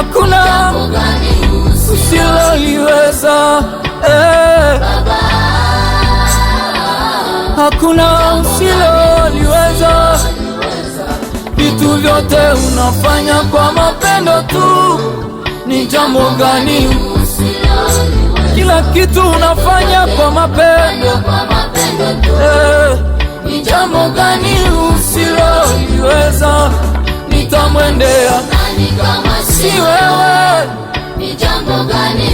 hakuna usiloliweza, eh, hakuna usiloliweza. Vitu vyote unafanya kwa mapendo tu, ni jambo gani? Kila kitu unafanya kwa mapendo eh, ni jambo gani usiloliweza? Nitamwendea si wewe, ni jambo gani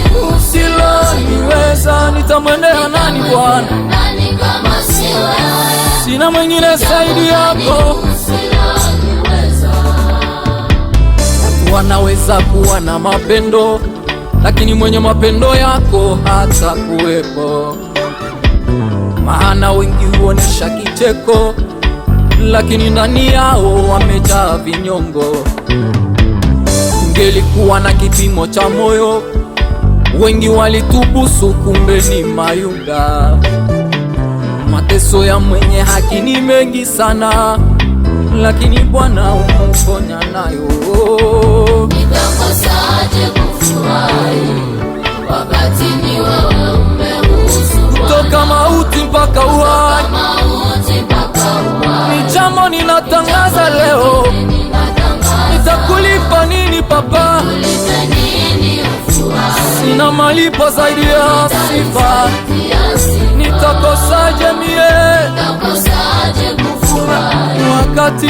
Nitamwendea nani Bwana? Sina mwingine zaidi yako. Wanaweza kuwa na mapendo lakini mwenye mapendo yako hata kuwepo, maana wengi huonesha kicheko, lakini ndani yao wamejaa vinyongo. Kungelikuwa na kipimo cha moyo, wengi walitubusu, kumbe ni mayunga. Mateso ya mwenye haki ni mengi sana, lakini Bwana umuponya nayo. wakati ni kutoka mauti mpaka uhai. Ni jambo ninatangaza leo Kulipa nini papa? Sina malipo zaidi ya sifa. Nitakosaje mie? Wakati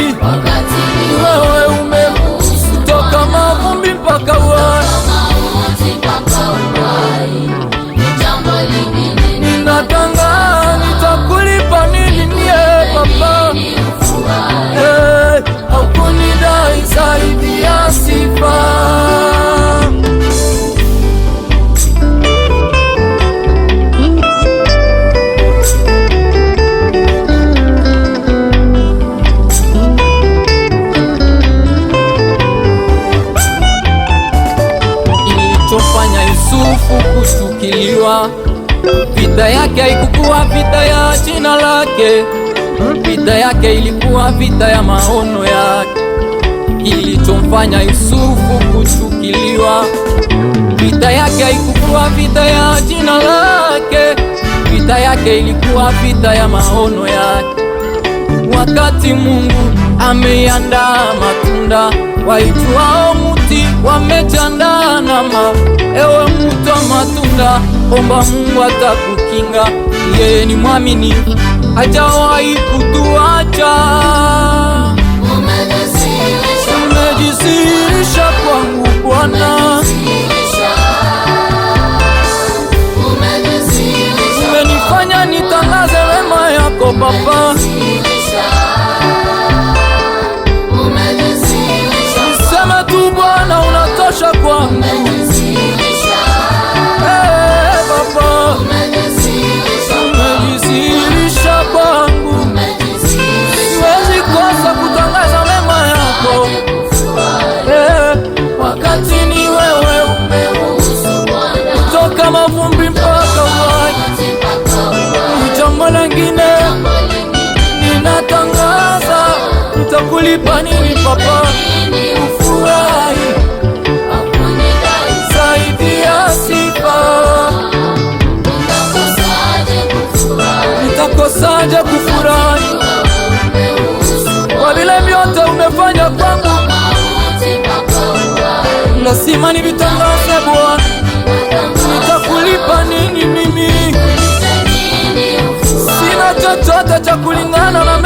wewe ume kutoka mavumbi mpaka Yusufu kushukiliwa. vita yake haikukuwa vita ya jina lake, vita yake ilikuwa vita ya maono yake. Kilichomfanya Yusufu kushukiliwa, vita yake haikukuwa vita ya jina lake, vita yake ilikuwa vita ya maono yake. Wakati Mungu ameiandaa matunda waitwao mti wamechandanama. Ewe mtu wa matunda, omba Mungu atakukinga. Yeye ni mwamini, hajawahi kutuacha. Umejisirisha kwangu Bwana. kulipa nini papa? Ufurahi zaidi ya sifa, nitakosaje kufurahi kwa vile vyote umefanya kwangu? Lazima nivitangaze Bwana, nitakulipa nini mimi? Sina chochote cha kulingana na